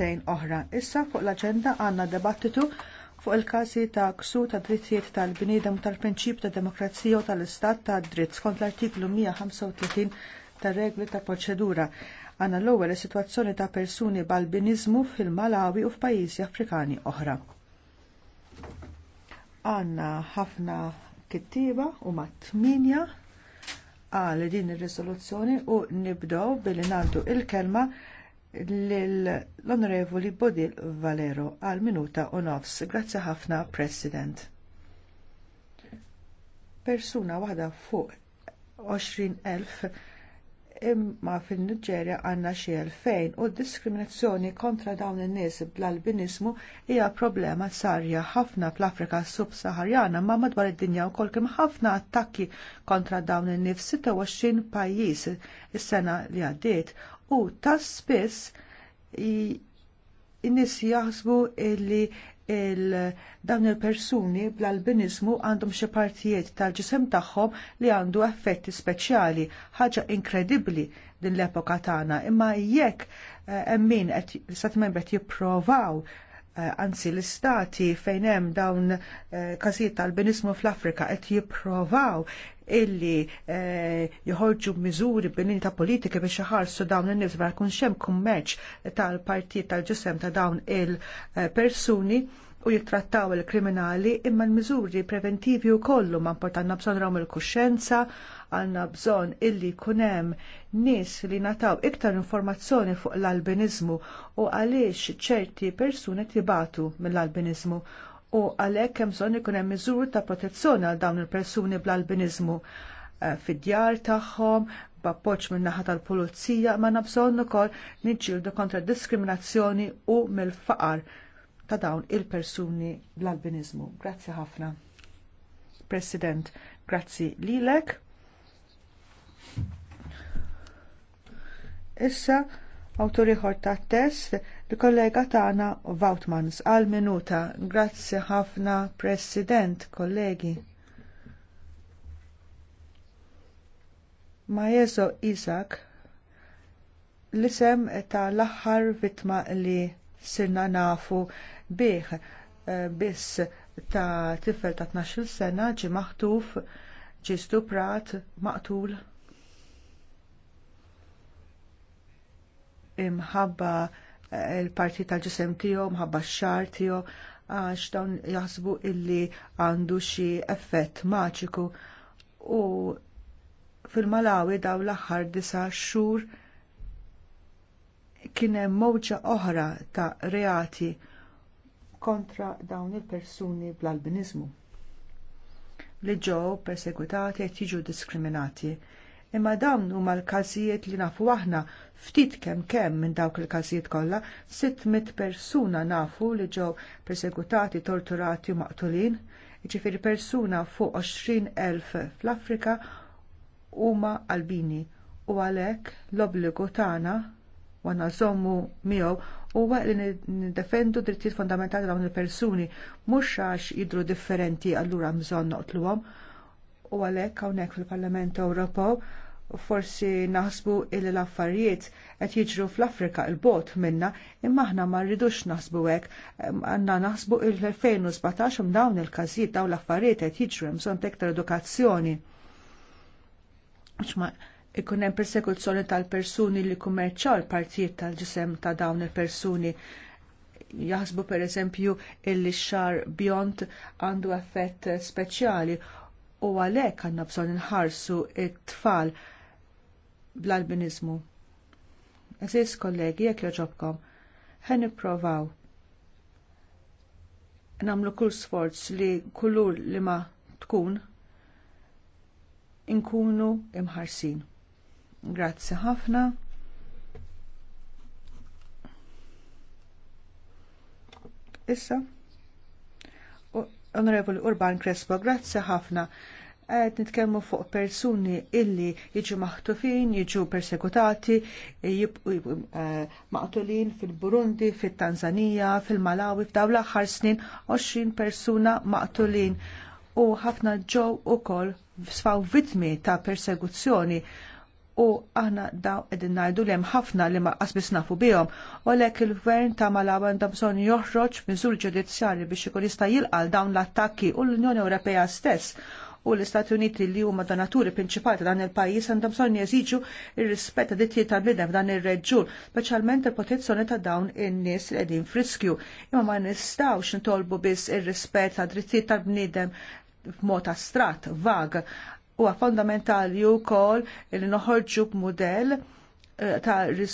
tejn oħra. Issa fuq l aġenda għandna debattitu fuq il-każi ta' ksur ta' drittijiet tal-bniedem tal-prinċip ta' demokrazija u tal-istat ta' dritt skont l-artiklu 135 tar regli ta' proċedura. Għandna l-ewwel is-sitwazzjoni ta' persuni b'albiniżmu fil-Malawi u f'pajjiżi Afrikani oħra. Għandna ħafna kittiba u mat tminja għal din ir-riżoluzzjoni u nibdew billi il-kelma l-Onorevoli Bodil Valero għal minuta u nofs. Grazzi ħafna, President. Persuna waħda fuq 20.000 imma fin-Niġerja għandna xi elfejn u d diskriminazzjoni kontra dawn in-nies bl albinismu hija problema sarja ħafna fl-Afrika subsaharjana ma madwar id-dinja wkoll kemm ħafna attakki kontra dawn in-nies 26 pajjiż is-sena li għaddiet u ta' spiss in-nies jaħsbu illi il dawn il-persuni bl albiniżmu għandhom xi partijiet tal-ġisem tagħhom li għandu effetti speċjali, ħaġa inkredibbli din l-epoka tagħna, imma jekk eh, hemm min qed l-istat membri qed jipprovaw eh, anzi l-istati fejn hemm dawn eh, każijiet tal-albinizmu fl-Afrika qed jipprovaw illi eh, joħorġu miżuri b'lini ta' politika biex iħarsu dawn in-nies ma jkunx hemm kummerċ tal-partit tal-ġisem ta' dawn il-persuni eh, u jittrattaw il-kriminali imma l-miżuri preventivi u kollu ma' importanti bżonn rawm il-kuxenza għanna bżon illi kunem nis li nataw iktar informazzjoni fuq l-albinizmu u għaliex ċerti persuni tibatu mill-albinizmu u għalhekk hemm bżonn ikun hemm miżur ta' protezzjoni għal dawn il-persuni bl-albinizmu eh, fid-djar tagħhom, b'appoġġ min naħa tal-pulizija, ma bżonn ukoll niġġieldu kontra d diskriminazzjoni u mill-faqar ta' dawn il-persuni bl-albinizmu. Grazzi ħafna. President, grazzi lilek. Issa, awtori ħor ta' test Il-kollega tagħna Vautmans għal minuta. Grazzi ħafna President, kollegi. Maezo Isaac l-isem tal-aħħar vittma li sirna nafu bih eh, biss ta' tifel ta' 12 sena ġie maħtuf ġi stuprat maqtul imħabba il-parti tal-ġisem tiegħu mħabba x-xar tiegħu għax dawn jaħsbu illi għandu xi effett maċiku u fil-Malawi daw l-aħħar disa xhur kien hemm mowġa oħra ta' reati kontra dawn il-persuni bl-albinizmu li ġew persegwitati qed jiġu diskriminati imma dawn huma l-każijiet li nafu aħna ftit kemm kemm minn dawk il-każijiet kollha 600 persuna nafu li ġew persegutati, torturati u maqtulin, jiġifieri persuna fuq 20,000 fl-Afrika huma Albini u għalhekk l-obbligu tagħna għanna zommu miegħu huwa li niddefendu drittijiet fundamentali dawn il-persuni mhux għax jidhru differenti allura bżonn noqtluhom u għalhekk hawnhekk fil-Parlament Ewropew forsi naħsbu il l-affarijiet qed jiġru fl-Afrika il-bot minna imma aħna ma rridux naħsbu hekk għandna naħsbu il-2017 um dawn il-każijiet dawn l-affarijiet qed jiġru hemm bżonn tektar edukazzjoni. Ċma ikun hemm persekuzzjoni tal-persuni li kummerċaw partijiet tal-ġisem ta' dawn il-persuni jaħsbu pereżempju illi xar bjont għandu effett speċjali u għalhekk għandna bżonn inħarsu t tfal bl-albinizmu. Eżis kollegi, jekk joġobkom, ħen nipprovaw. Namlu kull sforz li kullur li ma tkun inkunu imħarsin. Grazzi ħafna. Issa. Onorevoli Urban Crespo, grazzi ħafna għed nitkellmu fuq persuni illi jiġu maħtufin, jiġu persekutati, jibqu eh, maqtulin fil-Burundi, fil-Tanzania, fil-Malawi, f'dawla l-aħħar snin 20 persuna maqtulin u ħafna ġew ukoll sfaw vittmi ta' persekuzzjoni u aħna da' qegħdin ngħidu li hemm ħafna li ma qasbis nafu bijom u lek il-gvern ta' Malawi għandha bżonn joħroġ minżur ġudizzjarji biex ikun jista' jilqal dawn l-attakki u l-Unjoni Ewropea stess u l-Istati Uniti li huma donaturi prinċipali ta' dan il-pajjiż għandhom bżonn jeżiġu ir-rispett ta' dittijiet tal-bidem f'dan ir-reġjun, speċjalment il-protezzjoni ta' dawn in-nies li qegħdin friskju. Imma ma nistgħux ntolbu biss ir-rispett ta' drittijiet tal-bniedem f'mod astrat, vag. Huwa fondamentali wkoll li noħorġu b'mudell eh, ta' li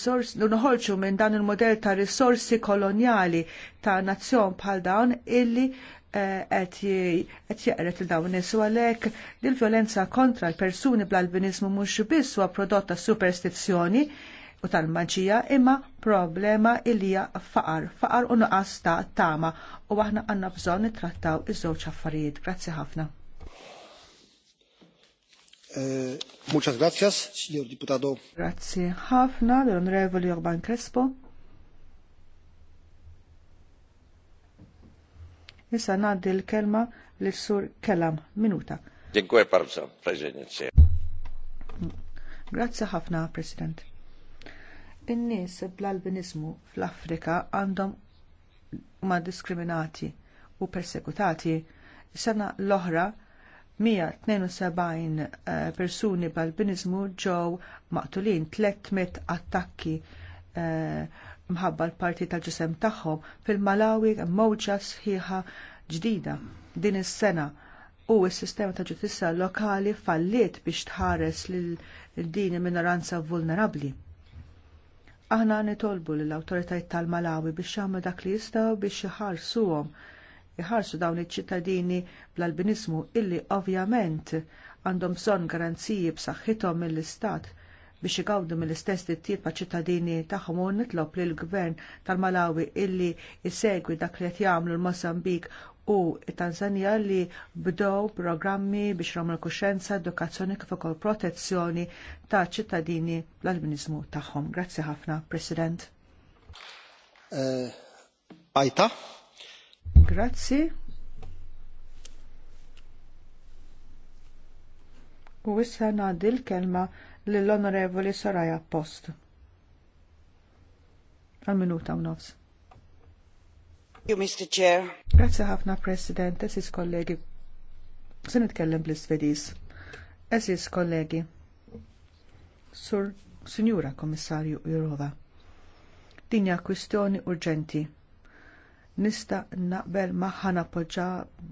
noħolġu minn dan il-modell ta' risorsi koloniali ta' nazzjon bħal dawn illi qed jeqret l dawn nies għalek li l-violenza kontra l-persuni bl-albinizmu mhux biss huwa prodott ta' superstizzjoni u tal-maġija imma problema ilija faqar, faqar u nuqqas ta' tama u aħna għandna bżonn nittrattaw iż-żewġ affarijiet. Grazzi ħafna. Eh, muchas gracias, signor diputado. Grazie ħafna, l-onorevoli Orban Crespo. Issa ngħaddi l-kelma lis sur Kellam minuta. Dinkwe parza, President. Grazzi ħafna, President. In-nies bl-albinizmu fl-Afrika għandhom ma diskriminati u persekutati. Sena l-oħra 172 eh, persuni bl-albinizmu ġew maqtulin 300 attakki eh, mħabba l-parti tal-ġisem tagħhom fil-Malawi mowġa sħiħa ġdida din is-sena u s-sistema ta' ġustizza lokali falliet biex tħares lil din minoranza vulnerabbli. Aħna nitolbu lill awtoritajiet tal-Malawi biex jagħmlu dak li jistgħu biex iħarsuhom iħarsu dawn iċ-ċittadini bl albiniżmu illi ovvjament għandhom bżonn garanziji b'saħħithom mill-istat biex igawdu mill-istess tittijiet ma' ċittadini tagħhom u nitlob lill gvern tal-Malawi illi jsegwi dak li qed jagħmlu l mozambik u t Tanzania li bdew programmi biex l kuxenza, edukazzjoni kif ukoll protezzjoni ta' ċittadini l-albinizmu tagħhom. Grazzi ħafna, President. Eh, Ajta. Grazzi. U issa ngħaddi l-kelma lill-Onorevoli Soraya Post. Għal minuta u nofs. Mr. Chair. Grazie ħafna, President, esis kollegi. Se nitkellem bl-Svediż. Esis kollegi. Sur, Signora Komissarju Jurova. Dinja kwistjoni urġenti. Nista naqbel maħħa napoġġa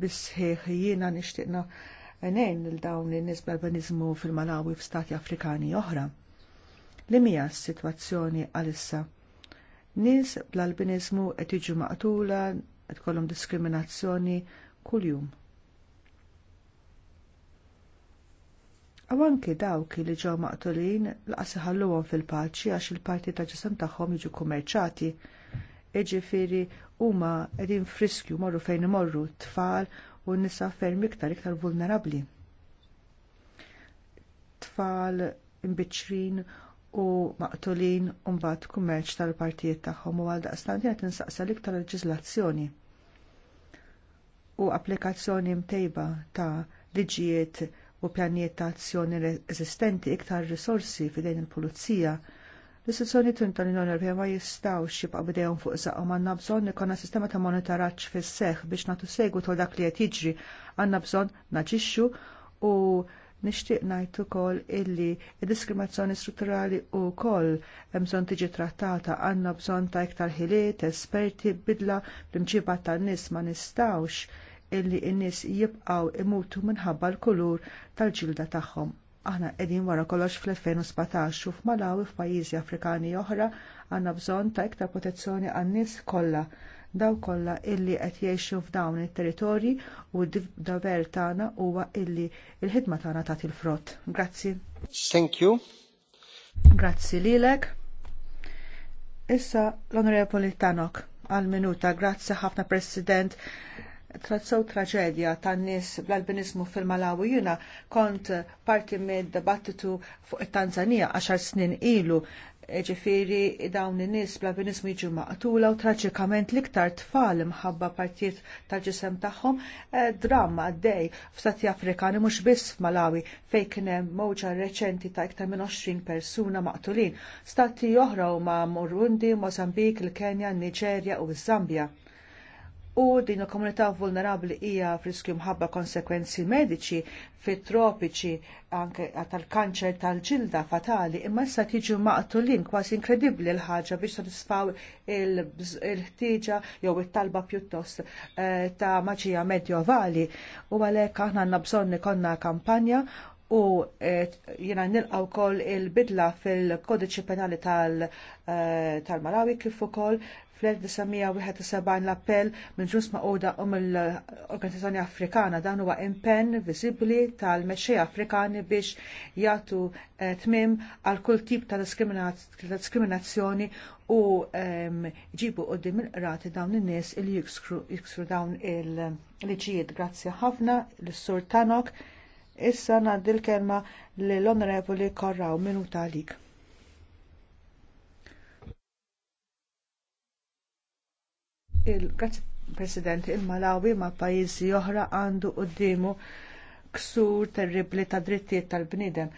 bisħiħ jiena nixtieqna nejn l-dawn in-nies bl-albanizmu fil-Malawi f'stati Afrikani oħra. Li mija s-sitwazzjoni għalissa? Nies bl-albinizmu qed jiġu maqtula, qed kollhom diskriminazzjoni kuljum. Aw anki dawk li ġew maqtulin laqas iħalluhom fil-paċi għax il-parti ta' ġisem tagħhom jiġu kummerċati. Iġifieri huma qegħdin friskju morru fejn imorru tfal u n-nisa ferm iktar iktar vulnerabbli. Tfal imbiċrin u maqtulin u mbagħad kummerċ tal-partijiet tagħhom u għal għaldaqstant qed insaqsa iktar leġiżlazzjoni u applikazzjoni mtejba ta' liġijiet u pjanijiet ta' azzjoni eżistenti iktar risorsi fidejn il-pulizija L-istituzzjoni tal-Unjoni Ewropea ma jistgħux jibqa' bidejhom fuq saqhom għandna bżonn ikolna sistema ta' monitoraċ fis-seħħ biex nagħtu segwu tol dak li qed jiġri għandna bżonn naġixxu u nixtieq ngħid ukoll illi id-diskriminazzjoni strutturali wkoll hemm bżonn tiġi trattata għandna bżonn ta' iktar ħiliet, esperti, bidla l-imġiba tan-nies ma nistawx illi n-nies jibqgħu imutu minħabba l-kulur tal-ġilda tagħhom. Aħna qegħdin wara kollox fl-2017 u f'Malawi f'pajjiżi Afrikani oħra għandna bżonn ta' iktar protezzjoni għan-nies kollha daw kollha illi qed jgħixu f'dawn it-territorji u d dover tagħna huwa illi l-ħidma tagħna tagħti il-frott. Grazzi. Thank you. Grazzi lilek. Issa l-Onorevoli Tanok għal minuta. Grazzi ħafna President trazzaw traġedja tan nies bl-albinizmu fil-Malawi jiena kont parti mid dibattitu fuq it-Tanzania għaxar snin ilu ġifiri dawn in-nies bl-albinizmu jiġu maqtula u traġikament l-iktar tfal imħabba partijiet tal-ġisem tagħhom eh, dramma għaddej f'Stati Afrikani mhux biss f'Malawi fejn kien hemm mowġa reċenti ta' iktar minn 20 persuna maqtulin. Stati oħra huma Murundi, Mozambik, il-Kenja, n-Niġerja u ż-Zambja u din il-komunità vulnerabbli hija friski mħabba konsekwenzi mediċi fit-tropiċi anke tal-kanċer tal-ġilda fatali imma issa tiġu maqtulin kważi inkredibbli l-ħaġa biex sodisfaw il-ħtieġa jew it-talba pjuttost eh, ta' maġija medjovali u għalhekk aħna għandna bżonn ikollna kampanja u eh, jena nilqa wkoll il-bidla fil-kodiċi penali eh, tal-Malawi kif ukoll fl-1971 l-appell minn ġus maquda u mill-Organizzazzjoni Afrikana dan huwa impenn viżibbli tal-mexxej Afrikani biex jagħtu eh, tmiem għal kull tip ta' diskriminazzjoni u ehm, ġibu qudiem il-qrati dawn in-nies li jiksru dawn il-liġijiet. Grazzi ħafna l-Sur Tanok. Issa ngħaddi l-kelma lill onorevoli Korraw minuta għalik. il-President il-Malawi ma' pajjiżi oħra għandu qudiemu ksur terribli ta' drittijiet tal-bniedem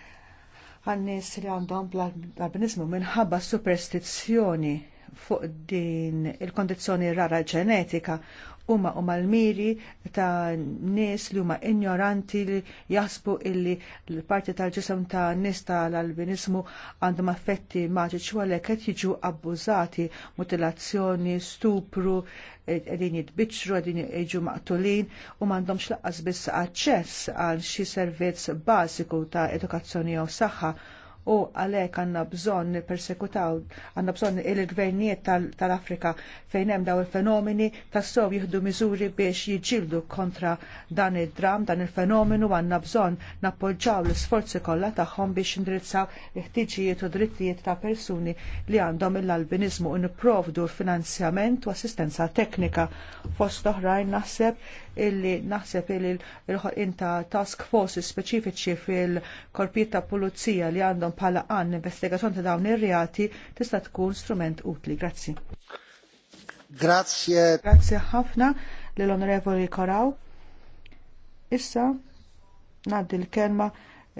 għannis li għandhom bl albanizmu minħabba superstizzjoni fuq din il-kondizjoni rara ġenetika huma huma l-miri ta' nies li huma ignoranti li jaħsbu illi l-parti tal-ġisem ta' nies tal-albinizmu għandhom affetti maġiċi u għalhekk qed jiġu abbużati mutilazzjoni, stupru, qegħdin jitbiċċru, qegħdin jiġu maqtulin u m'għandhomx laqqas biss aċċess għal xi servizz bażiku ta' edukazzjoni jew saħħa u għalhekk għandna bżonn nippersekutaw għandna bżonn il-gvernijiet tal-Afrika fejn hemm daw il-fenomeni tassew jieħdu miżuri biex jiġġieldu kontra dan id-dram, dan il-fenomenu għandna bżonn nappoġġaw l-isforzi kollha tagħhom biex indirizzaw l-ħtiġijiet u drittijiet ta' persuni li għandhom l-albinizmu u nipprovdu finanzjament u assistenza teknika. Fost oħrajn naħseb illi naħseb illi l ħolqin ta' task forces speċifiċi fil-korpijiet ta' pulizija li għandhom bħala għan investigazzjoni ta' dawn ir-reati tista' tkun strument utli. Grazzi. Grazie. Grazie ħafna l-Onorevoli Koraw. Issa naddi l-kelma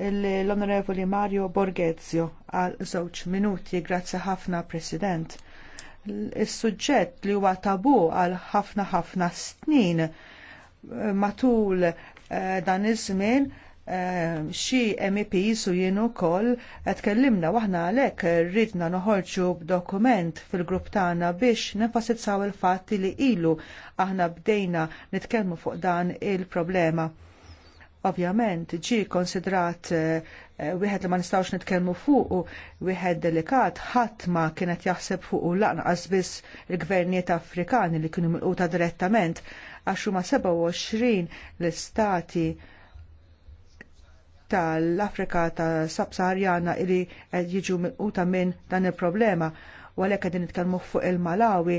l-Onorevoli Mario Borghezio għal żewġ minuti. Grazzi ħafna, President. Is-suġġett li huwa tabu għal ħafna ħafna snin eh, matul eh, dan iż-żmien Ehm, xi MEPs u jien ukoll tkellimna waħna għalhekk rridna noħorġu b'dokument fil-grupp tagħna biex nenfasizzaw il-fatti li ilu aħna bdejna nitkellmu fuq dan il-problema. Ovvjament ġi konsidrat eh, wieħed li ma nistgħux nitkellmu fuq wieħed delikat ħadd ma kienet jaħseb fuq lanqas biss il-gvernijiet Afrikani li kienu milquta direttament għax huma 27 l-istati tal-Afrika ta' Sabsaharjana li jiġu uta minn dan il-problema. U għalhekk qegħdin nitkellmu fuq il-Malawi,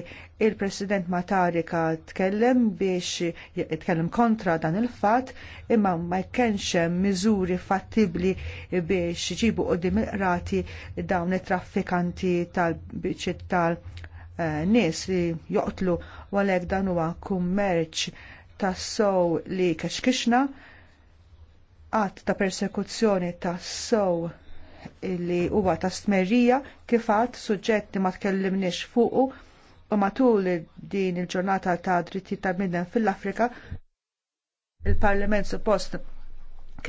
il-President Matarika tkellem biex jitkellem kontra dan il-fatt, imma ma jkenx hemm miżuri fattibbli biex jġibu qudiem il dawn it-traffikanti tal-biċċiet tal nies li joqtlu u għalhekk dan huwa kummerċ tas-sow li kaxkixna għat ta' persekuzzjoni ta' sow illi huwa ta' stmerija kif għat suġġetti ma tkellimniex fuqu u matul din il-ġurnata ta' dritti ta' minden fil-Afrika il-Parlament suppost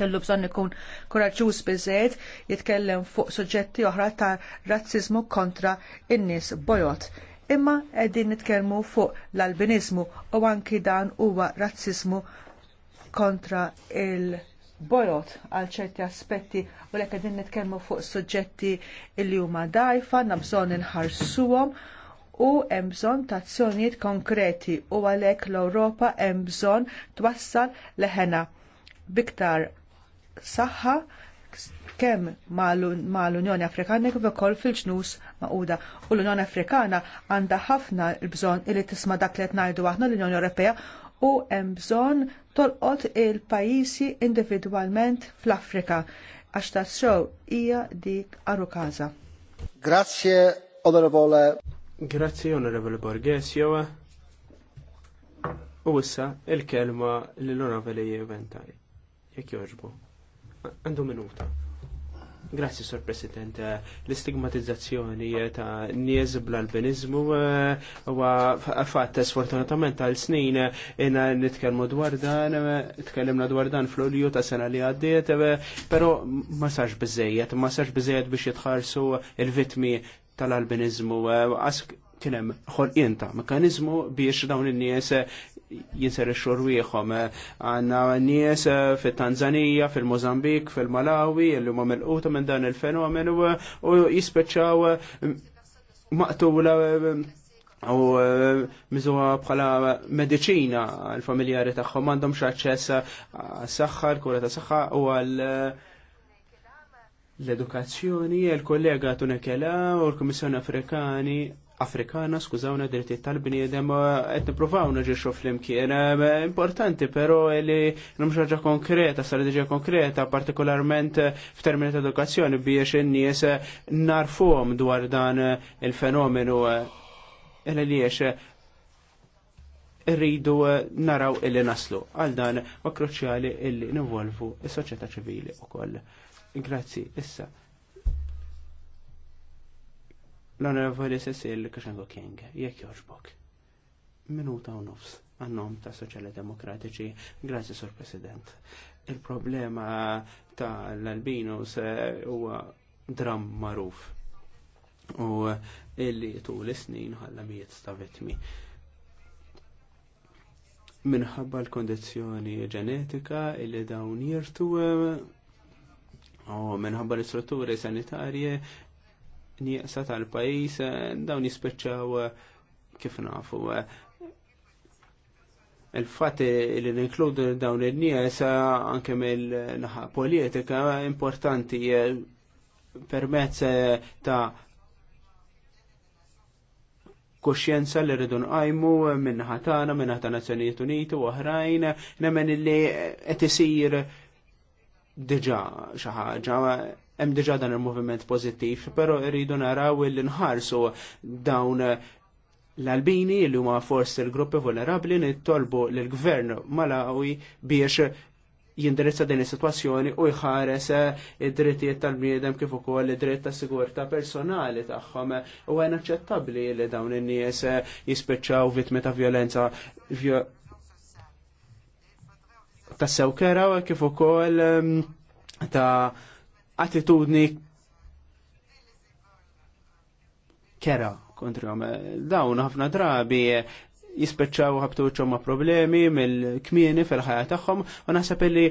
kellu bżonn ikun kuraġġuż biżejt jitkellem fuq suġġetti oħra ta' razziżmu kontra in-nies bojot. Imma qegħdin nitkellmu fuq l-albinizmu u anki dan huwa razziżmu kontra il- borot għal ċerti aspetti u l din nitkellmu fuq suġġetti li huma dajfa, nabżon inħarsuhom u hemm bżonn ta' azzjonijiet konkreti u għalhekk l-Ewropa hemm bżonn twassal leħena biktar saħħa kemm mal-Unjoni Afrikana kif ukoll fil-ġnus maquda. U l-Unjoni Afrikana għandha ħafna l-bżonn li tisma' dak li qed ngħidu aħna l-Unjoni Ewropea u hemm bżonn tolqot il-pajjiżi individwalment fl-Afrika għax tassew hija dik Arukaza. Grazie, onorevole. Grazie, onorevole jowa. U issa il-kelma l-onorevole Jeventaj. Jek joġbu. Għandu minuta. Grazzi, Sor President. Eh, l-istigmatizzazzjoni eh, ta' nies bl-albinizmu eh, huwa fatt sfortunatament għal snin inna nitkellmu dwar dan, tkellimna dwar dan fl-ulju ta' sena li għaddiet, pero ma sarx bizzejiet, ma sarx bizzejiet biex jitħarsu il-vitmi tal-albinizmu. Kien hemm ħolqien ta' mekanizmu biex dawn in-nies jinser xorwieħom. Għanna nies eh, fil tanzania fil-Mozambik, fil-Malawi, li huma melquta minn dan il-fenomenu eh, u jispeċaw eh, maqtula u mizuha bħala medicina għal-familjari tagħhom m'għandhomx aċċess għas-saħħa, kura ta' saħħa u għal l-edukazzjoni, il-kollega Kela u l-Komissjoni Afrikani Afrikana, skużawna dritti tal-bniedem, għed niprofaw naġiċu fl-imkien. Importanti, pero li numxaġa konkreta, strategija konkreta, partikolarment f'termini ta' edukazzjoni biex n-nies narfuhom dwar dan il-fenomenu. Ella li rridu naraw illi naslu. Għal dan ma kruċjali illi nivolvu il soċjetà ċivili u koll. Grazzi, issa. L-Onorevoli Cecil Kashenko King, jekk joġbok. Minuta u nofs, għannom ta' Soċjali Demokratiċi, grazzi Sur President. Il-problema ta' l albinus eh, huwa dram maruf u illi tu is-snin ħalla mijiet ta' vetmi. minħabba l-kondizjoni ġenetika illi dawn jirtu eh, oh, minħabba l-istrutturi sanitarje nieqsa tal-pajis eh, dawn jispiċċaw eh, kif nafu. Eh, il-fat li ninkludu dawn il-nies anke mill-naħa politika importanti permezz ta' kuxjenza li rridu nqajmu minn ħatana, minn ħata Nazzjonijiet Uniti u oħrajn, nemmen illi qed isir diġa xi ħaġa hemm diġà dan il-moviment pożittiv, però rridu naraw li nħarsu dawn l-albini li huma forsi l-gruppi vulnerabli nittolbu lill gvern Malawi biex jindirizza din is-sitwazzjoni u jħares id-drittijiet tal-bniedem kif ukoll id-dritt ta' sigurtà personali tagħhom u għen aċċettabbli li dawn in-nies jispiċċaw vittmi ta' violenza ta' sewkera kif ukoll ta' attitudni kera għom. Dawn ħafna drabi jispeċċaw ħabtuċom ma' problemi mill-kmieni fil-ħajja tagħhom u naħseb li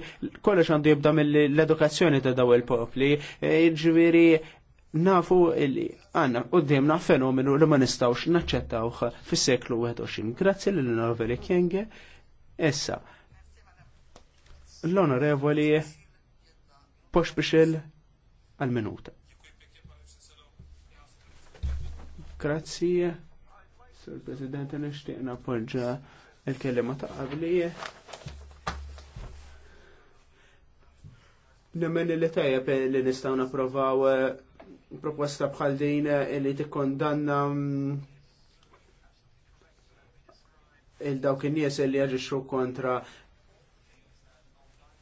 kollox għandu jibda mill-edukazzjoni ta' daw il-popli. E, Ġviri jiġifieri nafu illi għanna qoddimna fenomenu li ma nistawx naċċettawh fis-seklu 21. Grazzi l-Norveli Kienge. Essa, l-onorevoli Poshpishil għal-minuta. Grazzi, Sir President, nishtiq napoġġa il-kelima ta' qabli. Nemmen li tajab li nistaw napprovaw eh, proposta bħal din eh, li tikkondanna mm, il-dawk in-nies li jaġixxu kontra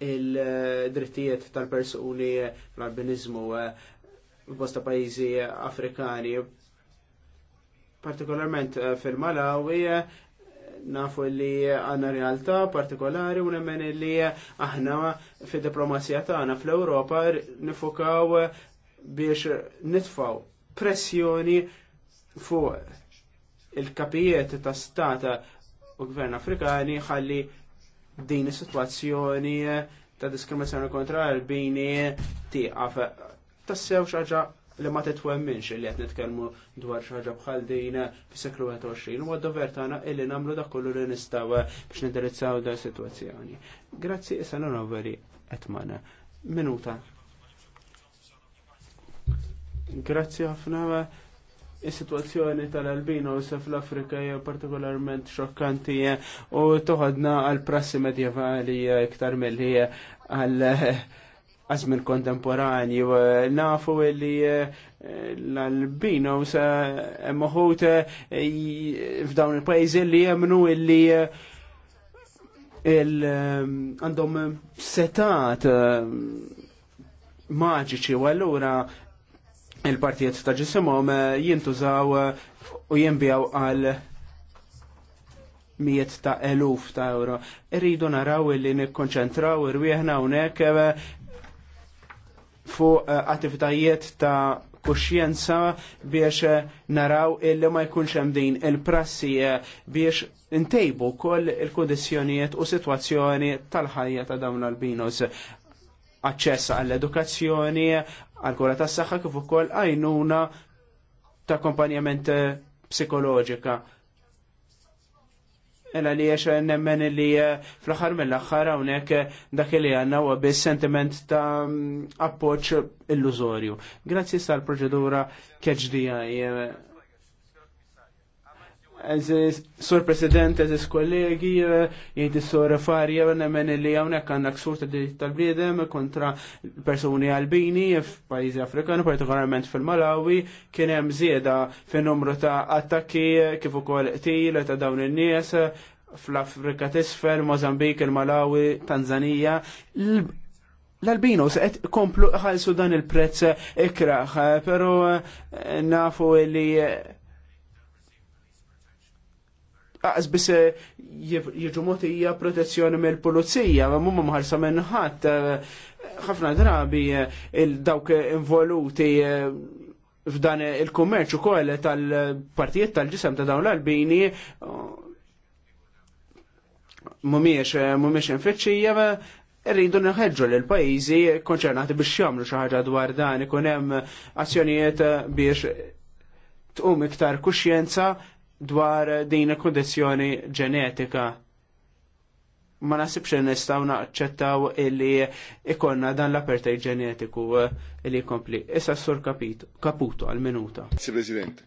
il-drittijiet tal-persuni l-albinizmu eh, bosta pajizi afrikani. Partikolarment eh, fil-Malawi eh, nafu li għanna realtà partikolari u nemmen li aħna fi diplomazija tagħna fl-Ewropa nifokaw biex nitfaw pressjoni fuq il-kapijiet ta' stata u gvern Afrikani ħalli din is-sitwazzjoni eh, ta' diskriminazzjoni kontra l-bini tieqaf. Tassew xaġa li ma titwemminx li qed nitkellmu dwar xaġa bħal din fis-seklu 21 huwa dover tagħna illi nagħmlu dak kollu li nistgħu biex nindirizzaw da sitwazzjoni. Grazzi issa l-onoveri Etmana. Minuta. Grazzi ħafna Is-sitwazzjoni tal-albinos fl-Afrika hija partikolarment xokkanti eh, u toħodna għal prassi medjevali eh, iktar milli eh, għal kontemporani u Nafu li l-albinos moħut f'dawn il-pajzi li jemnu li għandhom setat maġiċi u allura il-partijiet ta' ġisimhom eh, jintużaw eh, u jinbijaw għal miet ta' eluf ta' euro. Irridu naraw illi nikkonċentraw irwieħna hawnhekk eh, fuq attivitajiet ta' kuxjenza biex naraw illi ma jkunx hemm din il-prassi biex ntejbu koll il-kondizzjonijiet u situazzjoni tal-ħajja ta' dawn l-albinos aċċess għall-edukazzjoni, għal-kura tas saħħa kif ukoll għajnuna ta' kompanjament eh, psikoloġika. Ela li jiex nemmen li eh, fl-axar mill-axar għonek eh, dak li għanna u bis sentiment ta' mm, appoċ illużorju. Grazzi sal proċedura KHDI sur president, eżis kollegi, eh, jinti sur farja, eh, nemmen li għawnek għannak sur tal-bniedem kontra personi albini f'pajizi afrikani, partikolarment fil-Malawi, kien hemm zieda fin numru ta' attakki eh, kif ukoll qtil ta' dawn in-nies fl-Afrika t'isfel, Mozambik, il-Malawi, Tanzania. L-albinos qed komplu ħalsu dan il-prezz ikraħ, pero nafu li għaz bis jieġu motija protezzjoni mill pulizija ma mumma maħarsa minn ħadd eh, ħafna drabi eh, dawk involuti eh, f'dan il kommerċu ukoll tal-partijiet tal-ġisem ta' dawn l-albini mumiex mumiex infeċċija rridu nħedġu l pajjiżi konċernati biex jagħmlu xi ħaġa dwar dan ikun hemm azzjonijiet biex tqum iktar kuxjenza dwar din il-kondizjoni ġenetika. Ma nasibx nistaw naċċettaw illi ikonna dan l-apertaj ġenetiku eh, illi kompli. Issa s-sur kaputo għal-minuta. Grazie, Presidente.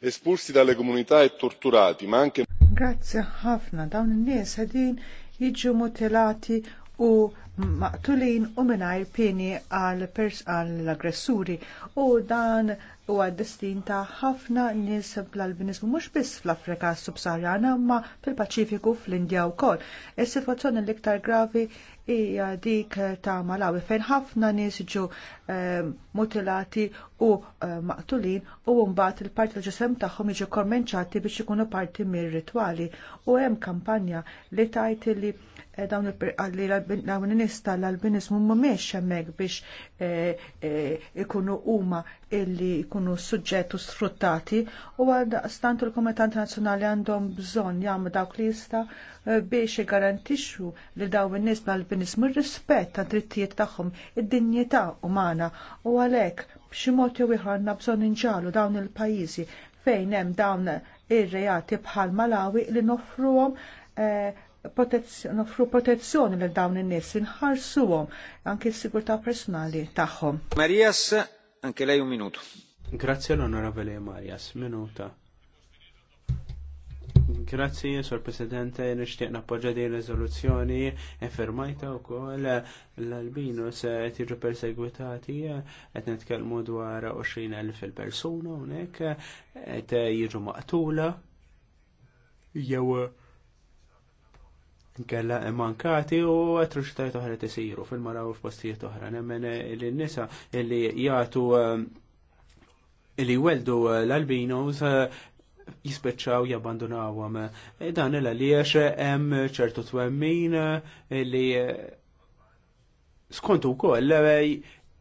Espulsi dalle komunità e torturati, ma anche. Grazie ħafna, dawn in-nies din jiġu mutilati u maqtulin u mingħajr pieni għal pers aggressuri u dan huwa destin ta' ħafna nies bl-albinizmu mhux biss fl-Afrika subsahjana ma fil-Paċifiku fl-Indja wkoll. Is-sitwazzjoni l-iktar gravi hija dik ta' Malawi fejn ħafna nies ġew eh, mutilati u eh, maqtulin u mbagħad il-parti tal-ġisem tagħhom jiġu kommenċati biex ikunu parti mir-ritwali u hemm kampanja li tajt li eh, dawn il l tal albinizmu mhumiex hemmhekk biex eh, ikunu huma illi jkunu suġġett u sfruttati u għaldaqstant il-Kumitant Nazzjonali għandhom bżonn jagħmlu dawk li jista biex igarantixxu li dawn in-nies tal albinizmu rispett tad drittijiet tagħhom id-dinjità umana u għalhekk b'xi jew ieħor bżonn inġalu dawn il-pajjiżi fejn hemm dawn ir-reati bħal Malawi li noffruhom eh, noffru protezzjoni lil dawn in-nies inħarsuhom anke s-sigurtà personali tagħhom. Marias, anke lei un minuto. Grazie l-Onorevole Marias, minuta. Grazzi, Sur Presidente, nishtiq nappoġġa din riżoluzzjoni u wkoll l albino qed jiġu persegwitati qed nitkellmu dwar 20,000 il-persuna unek qed jiġu maqtula jew Kella mankati u toħra oħra tisiru fil-maraw f'postijiet oħra. Nemmen il-nisa illi jgħatu illi weldu l-albinos jispeċċaw jabbandunaw e Dan il għaliex hemm ċertu twemmin li skontu koll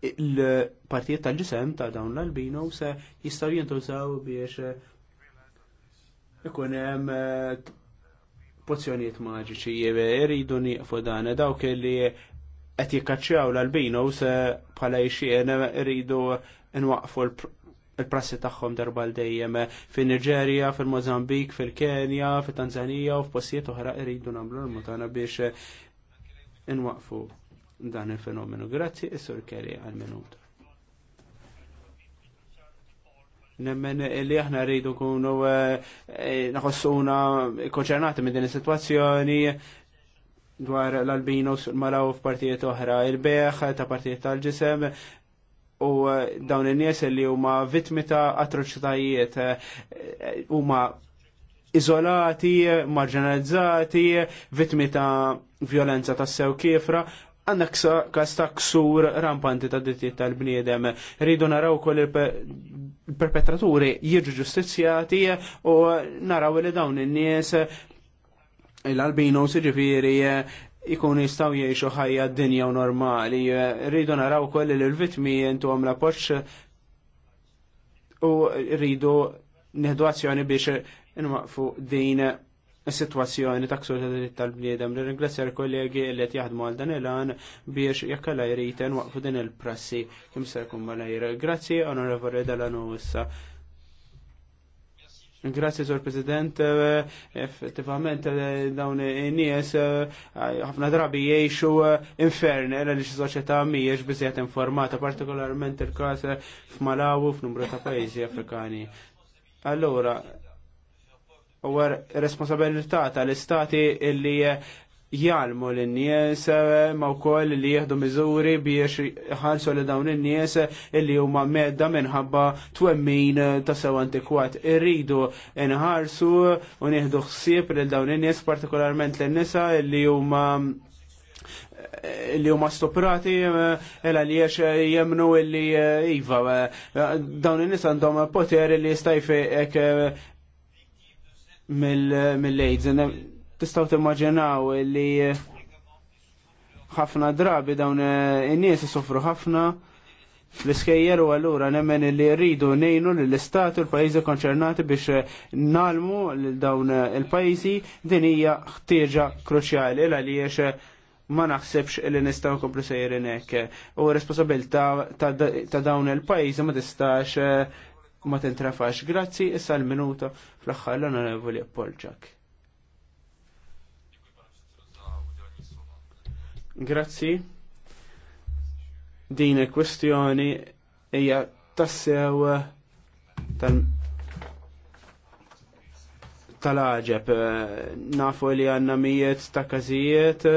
il-partijiet tal-ġisem ta' dawn l-albino se jistaw jintużaw biex ikun hemm pozzjonijiet maġiċi jridu nieqfu dan dawk li qed jikkaċċjaw l-albino se bħala jxien iridu nwaqfu l il-prassi tagħhom darba l dejjem fin-Niġerja, fil-Mozambik, fil-Kenja, fit-Tanzanija u f'postijiet oħra jridu nagħmlu l-mutana biex inwaqfu dan il-fenomenu. Grazzi, is-Sur Kelly għal-minuta. Nemmen li aħna rridu kunu eh, naħossuna konċernati minn din is-sitwazzjoni dwar l-albinos malaw f'partijiet oħra, il-beħ ta' partijiet tal-ġisem u eh, dawn in-nies li huma vittmi ta' atroċitajiet eh, huma iżolati, marġinalizzati, vittmi ta' violenza ta' sew kifra, għanna kas ta' ksur rampanti ta' dittiet tal-bniedem. Rridu naraw kol il-perpetraturi jirġu ġustizzjati u naraw li dawn in-nies l albino siġifiri ikun jistaw jiexu ħajja d-dinja u normali. Rridu naraw kolli li l-vitmi jentu għamla poċ u rridu neħdu azzjoni biex nwaqfu din situazzjoni ta' ksur ta' tal-bniedem. Ringrazzja l-kollegi li qed jaħdmu għal dan il-għan biex jakkala jriten waqfu din il-prassi kim se jkun malajr. Grazzi, onorevoli għanu issa. Grazie, Sor President. Effettivament, dawn in-nies ħafna drabi jiexu infern, era li x-soċieta miex bizziet informata, partikolarment il-kas f'Malawu, f'numru ta' pajizi afrikani. Allora, u responsabilità tal-istati illi jgħalmu l-nies eh, ma wkoll li jieħdu miżuri biex ħalsu li dawn in-nies illi huma medda minħabba twemmin ta' sew antikwat. Irridu nħarsu u nieħdu ħsieb lil dawn in-nies partikolarment lin-nisa illi huma li huma stuprati ela eh, li jiex jemnu illi eh, iva dawn in-nies għandhom poteri li jistajfi mill-AIDS. Tistaw timmaġinaw li ħafna drabi dawn in-nies isofru ħafna fl-iskejjer u għallura nemmen li rridu nejnu l-istat u l-pajizi konċernati biex nalmu l-dawn il-pajizi din hija ħtieġa kruċjali għaliex ma naħsebx li nistaw komplu sejrin hekk. U responsabilta ta' dawn il-pajizi ma tistax ma tintrafax. Grazzi, issa l-minuta fl-axħar l-onorevoli Polġak. Grazzi. Din il-kwestjoni hija tassew eh, tal tal-ħġeb. Eh, nafu li għanna mijiet ta' kazijiet.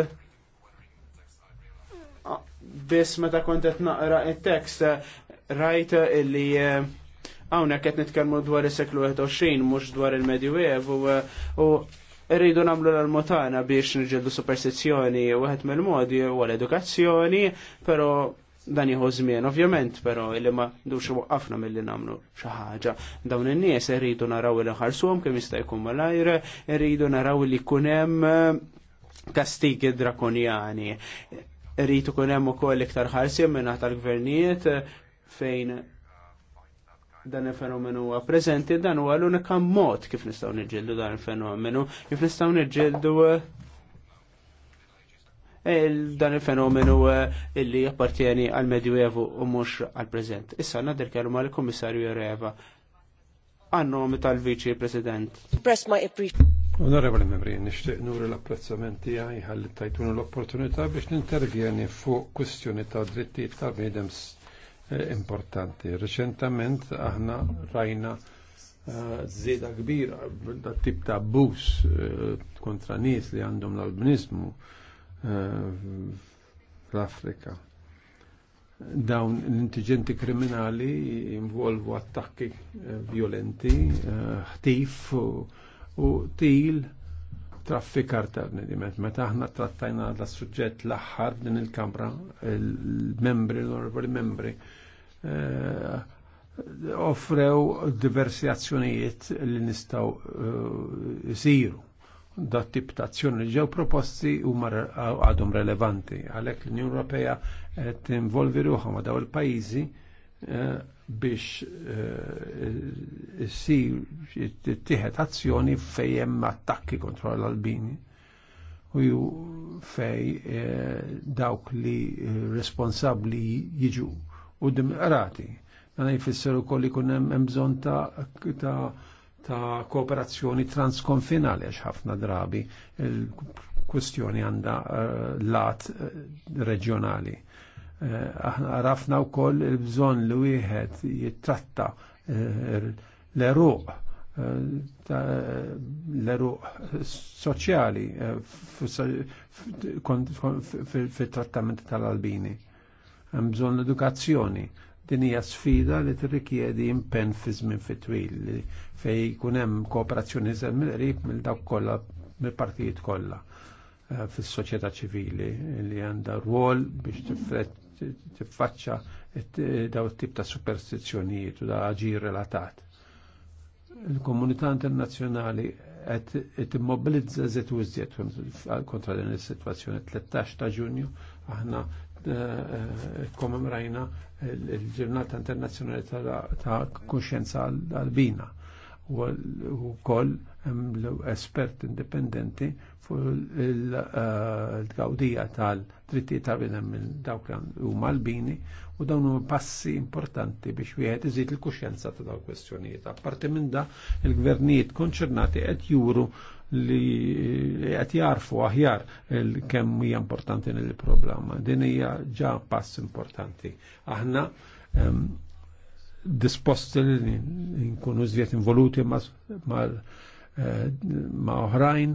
Ah, biss meta kontet naqra il-tekst, eh, rajt illi għawna qed nitkellmu dwar il seklu 21 mhux dwar il medju u rridu namlu l-almotana biex nġildu superstizzjoni u għed mill-modi u għal-edukazzjoni, pero dan jieħu żmien, ovvjament, pero illi ma dux waqqafna milli namlu xi ħaġa. Dawn in-nies irridu naraw il ħarsuhom kemm jista' jkun malajr, irridu naraw li jkun hemm eh, kastigi drakonjani. Irrid kunem hemm ukoll iktar ħarsi minna tal-gvernijiet eh, fejn dan il-fenomenu huwa preżenti dan huwa l-unika mod kif nistgħu niġġieldu dan il-fenomenu, kif nistgħu niġġieldu eh, dan il-fenomenu eh, illi appartieni għal medjuevu u mhux għal preżent. Issa nadir kelma l kummissarju Reva. għannom tal-Viċi President. Press my Onorevoli membri, nishtiq nuri l-apprezzamenti għaj għalli tajtunu l-opportunità biex nintervjeni fuq kwistjoni ta' drittijiet tal-bnidem Eh, importanti. Reċentament aħna rajna eh, zeda kbira, da tip ta' abbuż eh, kontra nis li għandhom l-albinizmu fl-Afrika. Dawn l-intiġenti kriminali involvu attakki violenti, ħtif u til traffikar ta' bnediment. Meta aħna trattajna la' suġġett l-aħħar din il-Kamra, il-membri, l onorabli membri, eh, offrew diversi azzjonijiet li nistaw jisiru. Eh, Dat tip ta' azzjoni li ġew proposti u għadhom relevanti. Għalhekk l-Unjoni Ewropea involvi ruħha ma' daw il-pajjiżi eh, biex eh, si tiħed azzjoni fejem attakki kontra l-Albini u ju fej eh, dawk li eh, responsabli jiġu u dimqrati. Dan jfisser ukoll ikun hemm bżonn ta' ta' kooperazzjoni transkonfinali għax ħafna drabi il-kwestjoni għandha lat reġjonali. Eh, aħna għarafna u koll il-bżon li wieħed jittratta eh, l-eruq eh, l-eruq soċjali fil-trattament tal-albini. Bżon l-edukazzjoni. Din hija sfida li tirrikjedi impenn fi żmien fit-twil fej jkun hemm kooperazzjoni iżgħar mill-qrib mill dawk kollha mill-partijiet kollha fis-soċjetà ċivili li għandha rwol biex tiffaċċa daw tip ta' superstizzjonijiet u da' aġir relatat. Il-komunità internazzjonali qed immobilizza żiet u żiet kontra din is-sitwazzjoni 13 ta' Ġunju aħna eh, komemrajna il-ġurnata internazzjonali ta' kuxjenza għal-bina u koll l-espert indipendenti fuq il-gawdija eh, tal-dritti ta' bidem minn dawk u malbini u dawn huma passi importanti biex wieħed iżid il-kuxjenza ta' dawn kwestjonijiet. Apparti minn da il-gvernijiet konċernati qed juru li qed jarfu aħjar kemm hija importanti din problema Din hija ġa pass importanti. Aħna ehm, disposti li nkunu żviet involuti ma' ma' oħrajn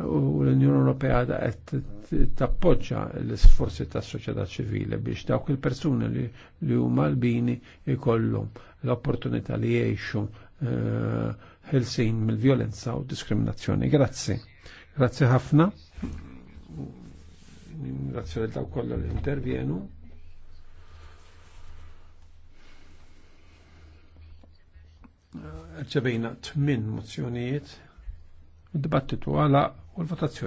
u l-Unjoni Ewropea qed tappoġġa l-isforzi tas-soċjetà ċivili biex dawk il-persuni li huma l-bini jkollhom l-opportunità li jgħixu eh, ħelsin mill-vjolenza u diskriminazzjoni. Grazzi. Grazzi ħafna. Grazzi l-daw kollha li intervjenu. ċevejna tmin mozzjonijiet, dibattitu għala u l-votazzjoni.